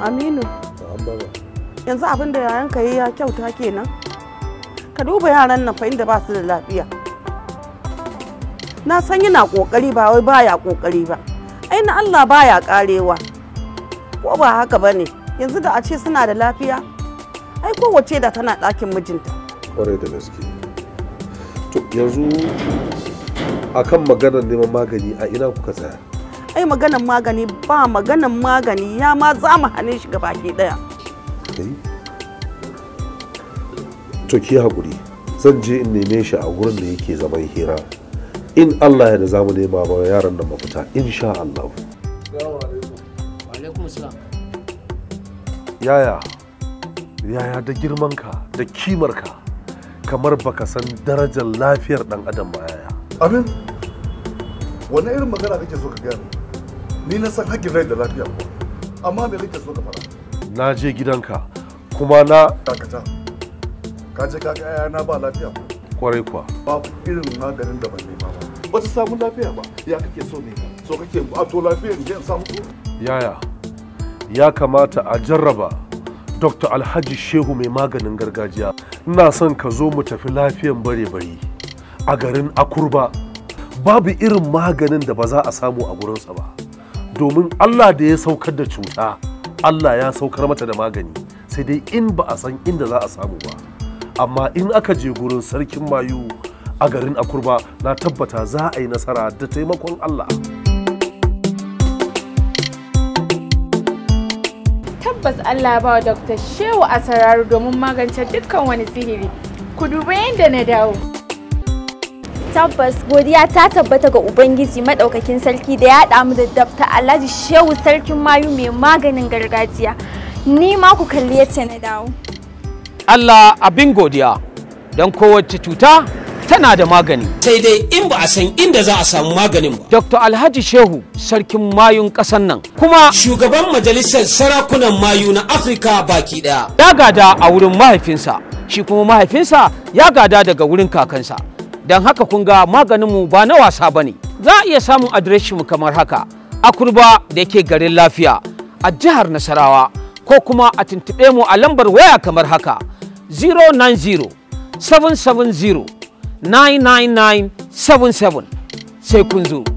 aminu yanzu abin da yayan ka yi ya kyauta kenan ka duba yaran nan fa inda ba su da lafiya na san yana kokari ba wai baya kokari ba ai na Allah baya karewa ko ba haka bane yanzu da a ce suna da lafiya ai kowace da tana ɗakin mijinta kwarai da gaske to yanzu akan maganar neman magani a ina kuka tsaya ai maganan magani ba maganan magani ya ma za mu hane shi ke daya to ki hakuri zan je in neme shi a gurin da yake zaman hira in Allah ya da za mu nema ba yaran da mafita insha Allah yaya yaya da girmanka da kimarka kamar baka san darajar lafiyar dan adam ba yaya abin wani irin magana kake so ka gane ni na san haƙƙin rai da lafiya ko amma me kake so ka fara na je gidanka kuma na dakata ka je ka ga na ba lafiya ko kwarai kuwa babu irin maganin da ban nema ba ba ta samu lafiya ba ya kake so ne so kake a to lafiya ne in samu yaya ya kamata a jarraba dr alhaji shehu mai maganin gargajiya ina son ka zo mu tafi lafiyan bare bari a garin akurba babu irin maganin da ba za a samu a gurinsa ba domin Allah da ya saukar da cuta Allah ya saukar mata da magani sai dai in ba a san inda za a samu ba amma in aka je gurin sarkin mayu a garin akurba na tabbata za a yi nasara da taimakon Allah tabbas Allah ba wa Dr. Shehu Asararu domin magance dukkan wani sihiri ku duba yadda na dawo tabbas godiya ta tabbata ga ubangiji madaukakin sarki da ya haɗa mu da dabta alhaji shehu sarkin mayu mai maganin gargajiya ni ma ku kalli yace na dawo allah abin godiya don kowace cuta tana da magani sai dai in ba a san inda za a samu maganin ba dr alhaji shehu sarkin mayun ƙasar nan kuma shugaban majalisar sarakunan mayu na afirka baki daya ya gada a wurin mahaifinsa shi kuma mahaifinsa ya gada daga wurin kakansa don haka kun ga maganinmu ba na wasa ba ne za a iya samun mu kamar haka a kurba da yake garin lafiya a jihar nasarawa ko kuma a tuntuɓe mu a lambar waya kamar haka 090 770 99977 sai kun zo